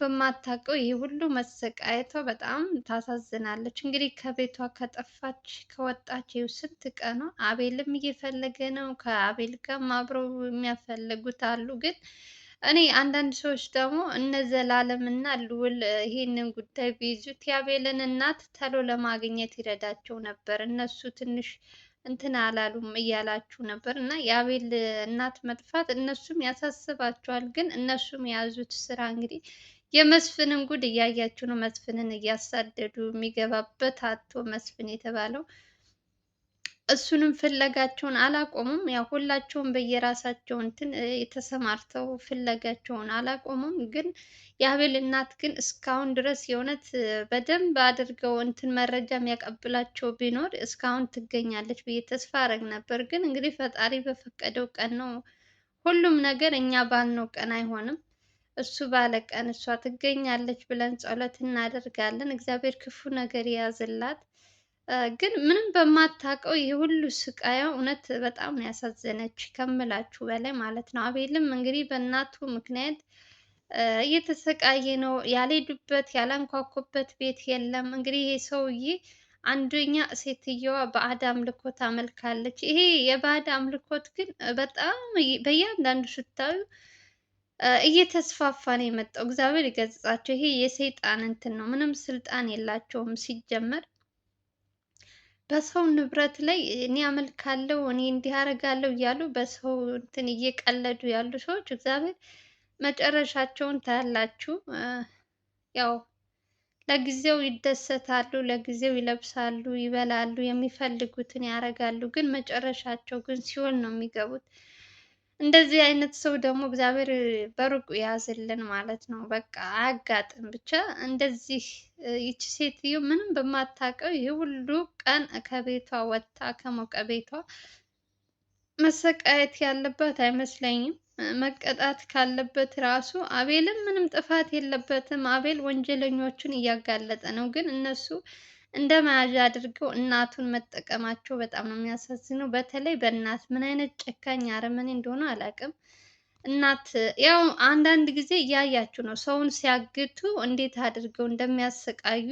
በማታውቀው ይህ ሁሉ መሰቃየቷ በጣም ታሳዝናለች። እንግዲህ ከቤቷ ከጠፋች ከወጣች ይኸው ስንት ቀኗ። አቤልም እየፈለገ ነው። ከአቤል ጋር አብረው የሚያፈለጉት አሉ። ግን እኔ አንዳንድ ሰዎች ደግሞ እነ ዘላለም እና ልውል ይህንን ጉዳይ ቢይዙት የአቤልን እናት ተሎ ለማግኘት ይረዳቸው ነበር። እነሱ ትንሽ እንትን አላሉም እያላችሁ ነበር። እና የአቤል እናት መጥፋት እነሱም ያሳስባቸዋል። ግን እነሱም የያዙት ስራ እንግዲህ የመስፍንን ጉድ እያያችሁ ነው። መስፍንን እያሳደዱ የሚገባበት አቶ መስፍን የተባለው እሱንም ፍለጋቸውን አላቆሙም። ያው ሁላቸውም በየራሳቸው እንትን የተሰማርተው ፍለጋቸውን አላቆሙም። ግን የአቤል እናት ግን እስካሁን ድረስ የእውነት በደንብ አድርገው እንትን መረጃ የሚያቀብላቸው ቢኖር እስካሁን ትገኛለች ብዬ ተስፋ አረግ ነበር። ግን እንግዲህ ፈጣሪ በፈቀደው ቀን ነው ሁሉም ነገር፣ እኛ ባልነው ቀን አይሆንም። እሱ ባለቀን እሷ ትገኛለች ብለን ጸሎት እናደርጋለን። እግዚአብሔር ክፉ ነገር የያዝላት። ግን ምንም በማታውቀው ይህ ሁሉ ስቃያ እውነት በጣም ነው ያሳዘነች ከምላችሁ በላይ ማለት ነው። አቤልም እንግዲህ በእናቱ ምክንያት እየተሰቃየ ነው። ያልሄዱበት ያላንኳኩበት ቤት የለም። እንግዲህ ይሄ ሰውዬ አንደኛ ሴትየዋ ባዕድ አምልኮት አመልካለች። ይሄ የባዕድ አምልኮት ግን በጣም በእያንዳንዱ ስታዩ እየተስፋፋ ነው የመጣው። እግዚአብሔር ይገጽጻቸው። ይሄ የሰይጣን እንትን ነው። ምንም ስልጣን የላቸውም ሲጀመር በሰው ንብረት ላይ እኔ አመልካለሁ እኔ እንዲህ አደርጋለሁ እያሉ በሰው እንትን እየቀለዱ ያሉ ሰዎች እግዚአብሔር መጨረሻቸውን ታያላችሁ። ያው ለጊዜው ይደሰታሉ፣ ለጊዜው ይለብሳሉ፣ ይበላሉ፣ የሚፈልጉትን ያደርጋሉ። ግን መጨረሻቸው ግን ሲኦል ነው የሚገቡት። እንደዚህ አይነት ሰው ደግሞ እግዚአብሔር በሩቅ ያዝልን ማለት ነው። በቃ አያጋጥም። ብቻ እንደዚህ ይቺ ሴትዮ ምንም በማታውቀው ይህ ሁሉ ቀን ከቤቷ ወጥታ ከሞቀ ቤቷ መሰቃየት ያለባት አይመስለኝም። መቀጣት ካለበት ራሱ አቤልም ምንም ጥፋት የለበትም። አቤል ወንጀለኞቹን እያጋለጠ ነው፣ ግን እነሱ እንደ መያዣ አድርገው እናቱን መጠቀማቸው በጣም ነው የሚያሳዝነው። በተለይ በእናት ምን አይነት ጨካኝ አረመኔ እንደሆነ አላውቅም። እናት ያው አንዳንድ ጊዜ እያያችሁ ነው ሰውን ሲያግቱ እንዴት አድርገው እንደሚያሰቃዩ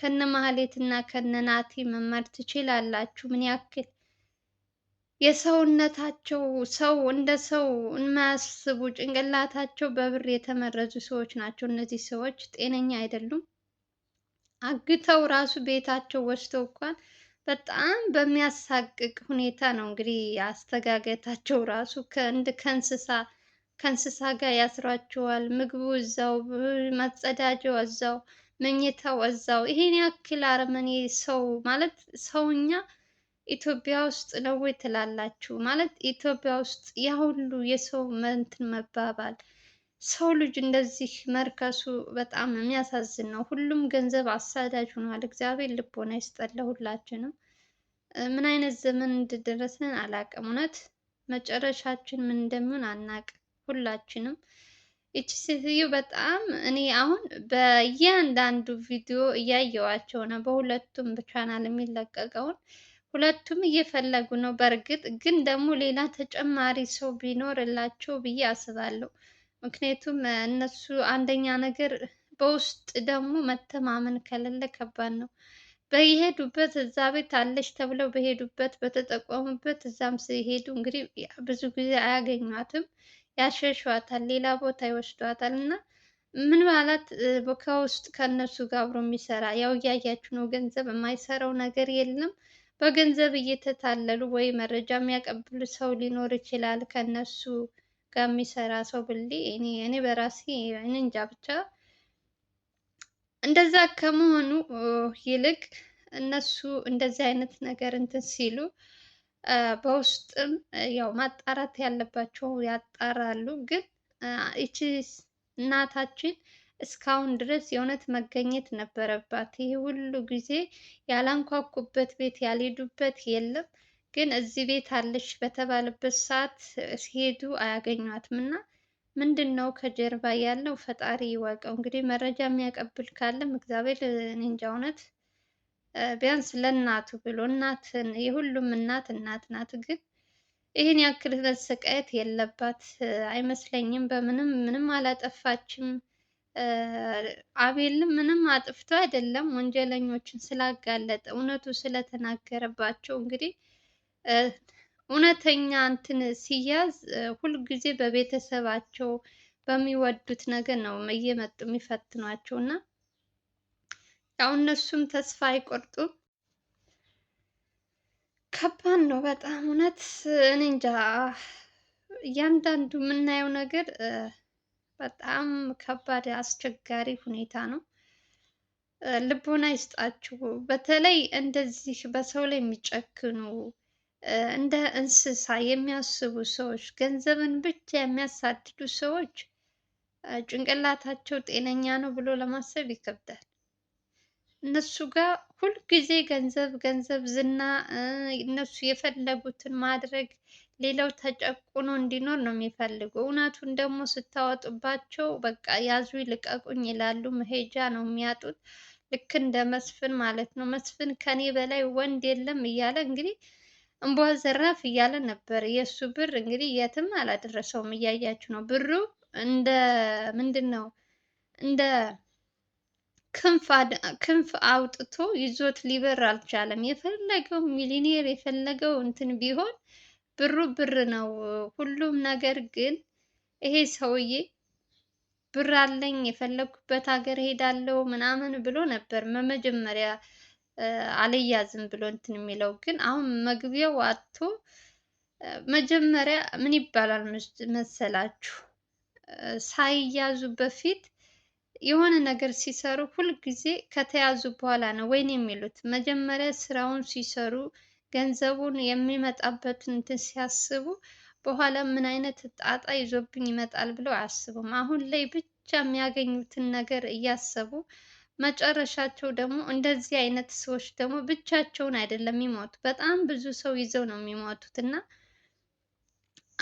ከነ ማህሌት እና ከነ ናቲ መማር ትችላላችሁ። ምን ያክል የሰውነታቸው ሰው እንደ ሰው የማያስቡ ጭንቅላታቸው በብር የተመረዙ ሰዎች ናቸው። እነዚህ ሰዎች ጤነኛ አይደሉም። አግተው ራሱ ቤታቸው ወስደው እንኳን በጣም በሚያሳቅቅ ሁኔታ ነው እንግዲህ አስተጋገታቸው ራሱ ከእንስሳ ከእንስሳ ጋር ያስሯቸዋል። ምግቡ እዛው፣ መጸዳጃው እዛው፣ መኝታው እዛው። ይሄን ያክል አረመኔ ሰው ማለት ሰውኛ ኢትዮጵያ ውስጥ ነው ትላላችሁ? ማለት ኢትዮጵያ ውስጥ ያ ሁሉ የሰው እንትን መባባል ሰው ልጅ እንደዚህ መርከሱ በጣም የሚያሳዝን ነው። ሁሉም ገንዘብ አሳዳጅ ሆኗል። እግዚአብሔር ልቦና ይስጠን ሁላችንም። ምን አይነት ዘመን እንደደረስን አላቅም። እውነት መጨረሻችን ምን እንደሚሆን አናቅ ሁላችንም። ይቺ ሴትዮ በጣም እኔ አሁን በእያንዳንዱ ቪዲዮ እያየዋቸው ነው፣ በሁለቱም ቻናል የሚለቀቀውን ሁለቱም እየፈለጉ ነው። በእርግጥ ግን ደግሞ ሌላ ተጨማሪ ሰው ቢኖርላቸው ብዬ አስባለሁ። ምክንያቱም እነሱ አንደኛ ነገር በውስጥ ደግሞ መተማመን ከሌለ ከባድ ነው። በሄዱበት እዛ ቤት አለች ተብለው በሄዱበት በተጠቆሙበት እዛም ሲሄዱ እንግዲህ ብዙ ጊዜ አያገኟትም፣ ያሸሸዋታል፣ ሌላ ቦታ ይወስዷታል። እና ምን ማለት ከውስጥ ከእነሱ ጋር አብሮ የሚሰራ ያው እያያችሁ ነው፣ ገንዘብ የማይሰራው ነገር የለም። በገንዘብ እየተታለሉ ወይ መረጃ የሚያቀብሉ ሰው ሊኖር ይችላል ከእነሱ ጋር የሚሰራ ሰው ብሌ እኔ በራሴ እኔ እንጃ ብቻ እንደዛ ከመሆኑ ይልቅ እነሱ እንደዚህ አይነት ነገር እንትን ሲሉ በውስጥም ያው ማጣራት ያለባቸው ያጣራሉ። ግን ይቺ እናታችን እስካሁን ድረስ የእውነት መገኘት ነበረባት። ይህ ሁሉ ጊዜ ያላንኳኩበት ቤት ያልሄዱበት የለም። ግን እዚህ ቤት አለች በተባለበት ሰዓት ሲሄዱ አያገኟትም እና ምንድን ነው ከጀርባ ያለው ፈጣሪ ይወቀው። እንግዲህ መረጃ የሚያቀብል ካለም እግዚአብሔር እኔ እንጃ እውነት ቢያንስ ለእናቱ ብሎ እናት የሁሉም እናት እናት ናት። ግን ይህን ያክል መሰቃየት የለባት አይመስለኝም። በምንም ምንም አላጠፋችም። አቤልም ምንም አጥፍቶ አይደለም። ወንጀለኞችን ስላጋለጠ እውነቱ ስለተናገረባቸው እንግዲህ እውነተኛ እንትን ሲያዝ ሁልጊዜ በቤተሰባቸው በሚወዱት ነገር ነው እየመጡ የሚፈትኗቸው እና ያው እነሱም ተስፋ አይቆርጡም። ከባድ ነው በጣም እውነት። እኔ እንጃ እያንዳንዱ የምናየው ነገር በጣም ከባድ አስቸጋሪ ሁኔታ ነው። ልቦና ይስጣችሁ። በተለይ እንደዚህ በሰው ላይ የሚጨክኑ እንደ እንስሳ የሚያስቡ ሰዎች፣ ገንዘብን ብቻ የሚያሳድዱ ሰዎች ጭንቅላታቸው ጤነኛ ነው ብሎ ለማሰብ ይከብዳል። እነሱ ጋር ሁልጊዜ ገንዘብ ገንዘብ፣ ዝና፣ እነሱ የፈለጉትን ማድረግ፣ ሌላው ተጨቁኖ እንዲኖር ነው የሚፈልጉ። እውነቱን ደግሞ ስታወጡባቸው በቃ ያዙ ልቀቁኝ ይላሉ። መሄጃ ነው የሚያጡት። ልክ እንደ መስፍን ማለት ነው። መስፍን ከኔ በላይ ወንድ የለም እያለ እንግዲህ እምቧ ዘራፍ እያለ ነበር። የእሱ ብር እንግዲህ የትም አላደረሰውም። እያያችሁ ነው። ብሩ እንደ ምንድን ነው እንደ ክንፍ አውጥቶ ይዞት ሊበር አልቻለም። የፈለገው ሚሊኔር የፈለገው እንትን ቢሆን ብሩ ብር ነው ሁሉም ነገር። ግን ይሄ ሰውዬ ብር አለኝ የፈለግኩበት ሀገር ሄዳለሁ ምናምን ብሎ ነበር መመጀመሪያ አልያዝም ብሎ እንትን የሚለው ግን አሁን መግቢያው አቶ መጀመሪያ ምን ይባላል መሰላችሁ ሳይያዙ በፊት የሆነ ነገር ሲሰሩ ሁልጊዜ ከተያዙ በኋላ ነው ወይን የሚሉት። መጀመሪያ ስራውን ሲሰሩ ገንዘቡን የሚመጣበትን እንትን ሲያስቡ በኋላ ምን አይነት ጣጣ ይዞብኝ ይመጣል ብለው አያስቡም። አሁን ላይ ብቻ የሚያገኙትን ነገር እያሰቡ መጨረሻቸው ደግሞ እንደዚህ አይነት ሰዎች ደግሞ ብቻቸውን አይደለም የሚሞቱ፣ በጣም ብዙ ሰው ይዘው ነው የሚሞቱት እና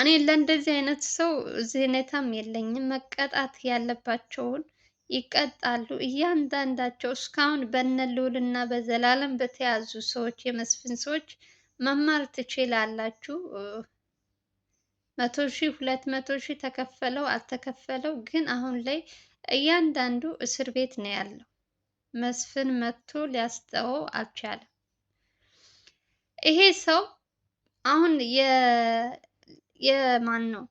እኔ ለእንደዚህ አይነት ሰው ዝኔታም የለኝም። መቀጣት ያለባቸውን ይቀጣሉ። እያንዳንዳቸው እስካሁን በነ ልዑል እና በዘላለም በተያዙ ሰዎች የመስፍን ሰዎች መማር ትችላላችሁ። መቶ ሺህ ሁለት መቶ ሺህ ተከፈለው አልተከፈለው ግን አሁን ላይ እያንዳንዱ እስር ቤት ነው ያለው። መስፍን መጥቶ ሊያስጠው አልቻለም። ይሄ ሰው አሁን የማን ነው?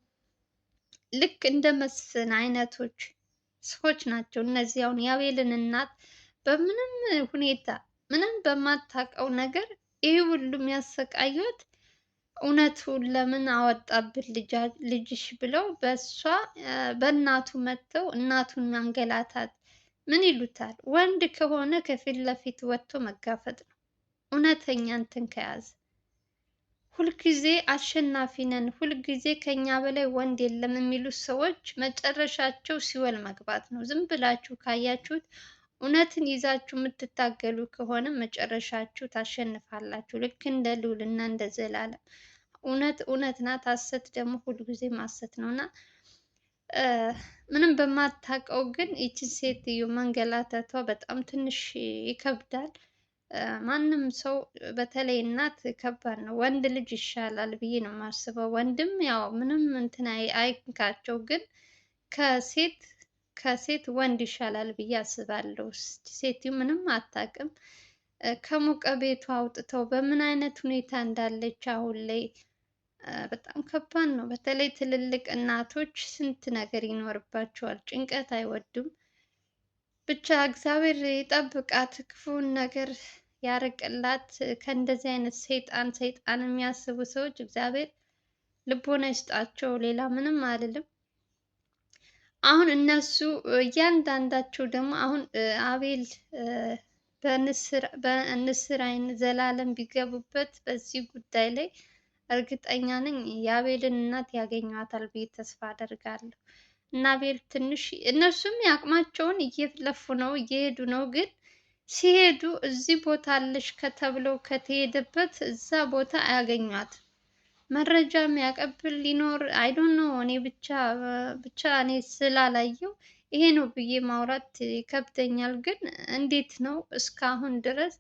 ልክ እንደ መስፍን አይነቶች ሰዎች ናቸው እነዚህ። አሁን የአቤልን እናት በምንም ሁኔታ ምንም በማታውቀው ነገር ይህ ሁሉ የሚያሰቃዩት እውነቱን ለምን አወጣብን ልጅሽ ብለው በእሷ በእናቱ መጥተው እናቱን ማንገላታት ምን ይሉታል? ወንድ ከሆነ ከፊት ለፊት ወጥቶ መጋፈጥ ነው። እውነተኛ እንትን ከያዘ ሁልጊዜ አሸናፊ ነን፣ ሁልጊዜ ከኛ በላይ ወንድ የለም የሚሉት ሰዎች መጨረሻቸው ሲወል መግባት ነው። ዝም ብላችሁ ካያችሁት እውነትን ይዛችሁ የምትታገሉ ከሆነ መጨረሻችሁ ታሸንፋላችሁ። ልክ እንደ ልዑል እና እንደ ዘላለም እውነት እውነት ናት፣ ሀሰት ደግሞ ሁልጊዜ ማሰት ነው እና ምንም በማታውቀው ግን ይችን ሴትዮ መንገላታቷ በጣም ትንሽ ይከብዳል። ማንም ሰው በተለይ እናት ከባድ ነው። ወንድ ልጅ ይሻላል ብዬ ነው የማስበው። ወንድም ያው ምንም እንትን አይንካቸው፣ ግን ከሴት ከሴት ወንድ ይሻላል ብዬ አስባለሁ። ሴትዮ ምንም አታውቅም። ከሞቀ ቤቷ አውጥተው በምን አይነት ሁኔታ እንዳለች አሁን ላይ በጣም ከባድ ነው። በተለይ ትልልቅ እናቶች ስንት ነገር ይኖርባቸዋል። ጭንቀት አይወዱም። ብቻ እግዚአብሔር ይጠብቃት፣ ክፉን ነገር ያርቅላት። ከእንደዚህ አይነት ሰይጣን ሰይጣን የሚያስቡ ሰዎች እግዚአብሔር ልቦና ይስጣቸው። ሌላ ምንም አልልም አሁን እነሱ እያንዳንዳቸው ደግሞ አሁን አቤል በንስር አይን ዘላለም ቢገቡበት በዚህ ጉዳይ ላይ እርግጠኛ ነኝ የአቤልን እናት ያገኟታል ብዬ ተስፋ አደርጋለሁ። እና አቤል ትንሽ እነሱም ያቅማቸውን እየለፉ ነው እየሄዱ ነው። ግን ሲሄዱ እዚህ ቦታ አለሽ ከተብለው ከተሄደበት እዛ ቦታ አያገኟት መረጃ የሚያቀብል ሊኖር አይዶን ነው። እኔ ብቻ ብቻ እኔ ስላላየው ይሄ ነው ብዬ ማውራት ይከብደኛል። ግን እንዴት ነው እስካሁን ድረስ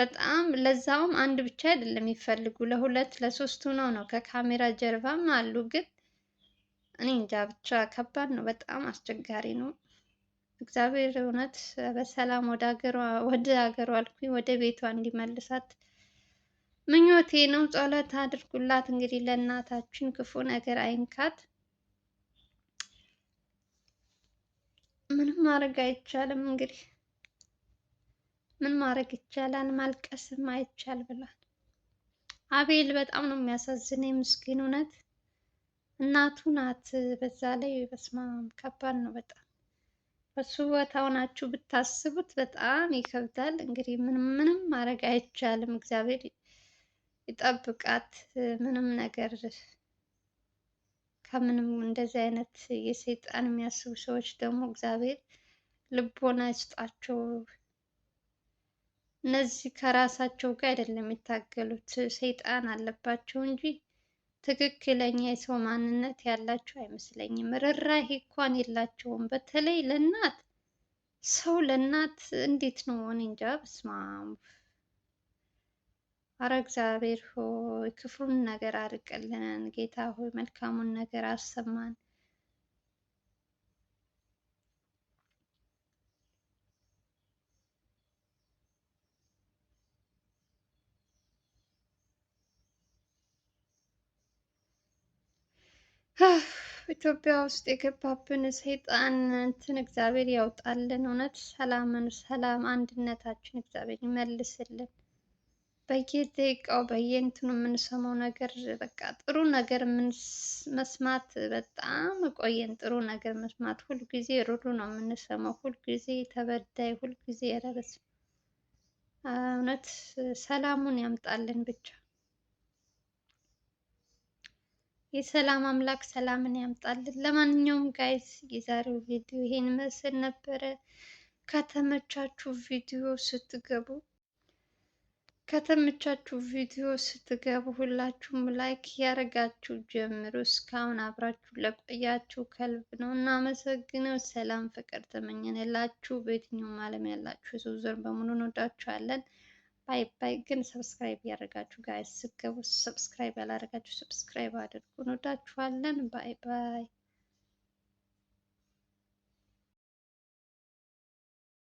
በጣም ለዛውም አንድ ብቻ አይደለም የሚፈልጉ ለሁለት ለሶስት ሆነው ነው። ከካሜራ ጀርባም አሉ። ግን እኔ እንጃ ብቻ ከባድ ነው። በጣም አስቸጋሪ ነው። እግዚአብሔር እውነት በሰላም ወደ ሀገሯ ወደ ሀገሯ አልኩኝ ወደ ቤቷ እንዲመልሳት ምኞቴ ነው። ጸሎት አድርጉላት እንግዲህ ለእናታችን ክፉ ነገር አይንካት። ምንም ማድረግ አይቻልም እንግዲህ ምን ማድረግ ይቻላል? ማልቀስም አይቻል ብሏል። አቤል በጣም ነው የሚያሳዝን የምስኪን እውነት እናቱ ናት። በዛ ላይ በስማም ከባድ ነው በጣም በሱ ቦታ ሆናችሁ ብታስቡት በጣም ይከብዳል። እንግዲህ ምንም ምንም ማድረግ አይቻልም። እግዚአብሔር ይጠብቃት። ምንም ነገር ከምንም እንደዚህ አይነት የሰይጣን የሚያስቡ ሰዎች ደግሞ እግዚአብሔር ልቦና ይስጣቸው። እነዚህ ከራሳቸው ጋር አይደለም የሚታገሉት፣ ሰይጣን አለባቸው እንጂ ትክክለኛ የሰው ማንነት ያላቸው አይመስለኝም። ርህራሄ እንኳን የላቸውም። በተለይ ለእናት ሰው ለእናት እንዴት ነው? እኔ እንጃ። በስመ አብ አረ እግዚአብሔር ሆይ ክፉን ነገር አርቅልን፣ ጌታ ሆይ መልካሙን ነገር አሰማን። ኢትዮጵያ ውስጥ የገባብን ሰይጣን እንትን እግዚአብሔር ያውጣልን። እውነት ሰላምን ሰላም አንድነታችን እግዚአብሔር ይመልስልን። በየደቂቃው በየእንትኑ የምንሰማው ነገር በቃ ጥሩ ነገር መስማት በጣም ቆየን። ጥሩ ነገር መስማት ሁልጊዜ ሩሩ ነው የምንሰማው፣ ሁልጊዜ ተበዳይ፣ ሁልጊዜ ረበስ። እውነት ሰላሙን ያምጣልን ብቻ የሰላም አምላክ ሰላምን ያምጣልን። ለማንኛውም ጋይዝ የዛሬው ቪዲዮ ይሄን መስል ነበረ። ከተመቻችሁ ቪዲዮ ስትገቡ ከተመቻችሁ ቪዲዮ ስትገቡ ሁላችሁም ላይክ ያደረጋችሁ ጀምሩ። እስካሁን አብራችሁ ለቆያችሁ ከልብ ነው እናመሰግነው። ሰላም ፍቅር ተመኘንላችሁ። በየትኛውም ዓለም ያላችሁ የሰው ዘር በሙሉ እንወዳችኋለን። ባይ ባይ። ግን ሰብስክራይብ ያደረጋችሁ ጋር ስገቡ ሰብስክራይብ ያላደረጋችሁ ሰብስክራይብ አድርጉ። እንወዳችኋለን። ባይ ባይ።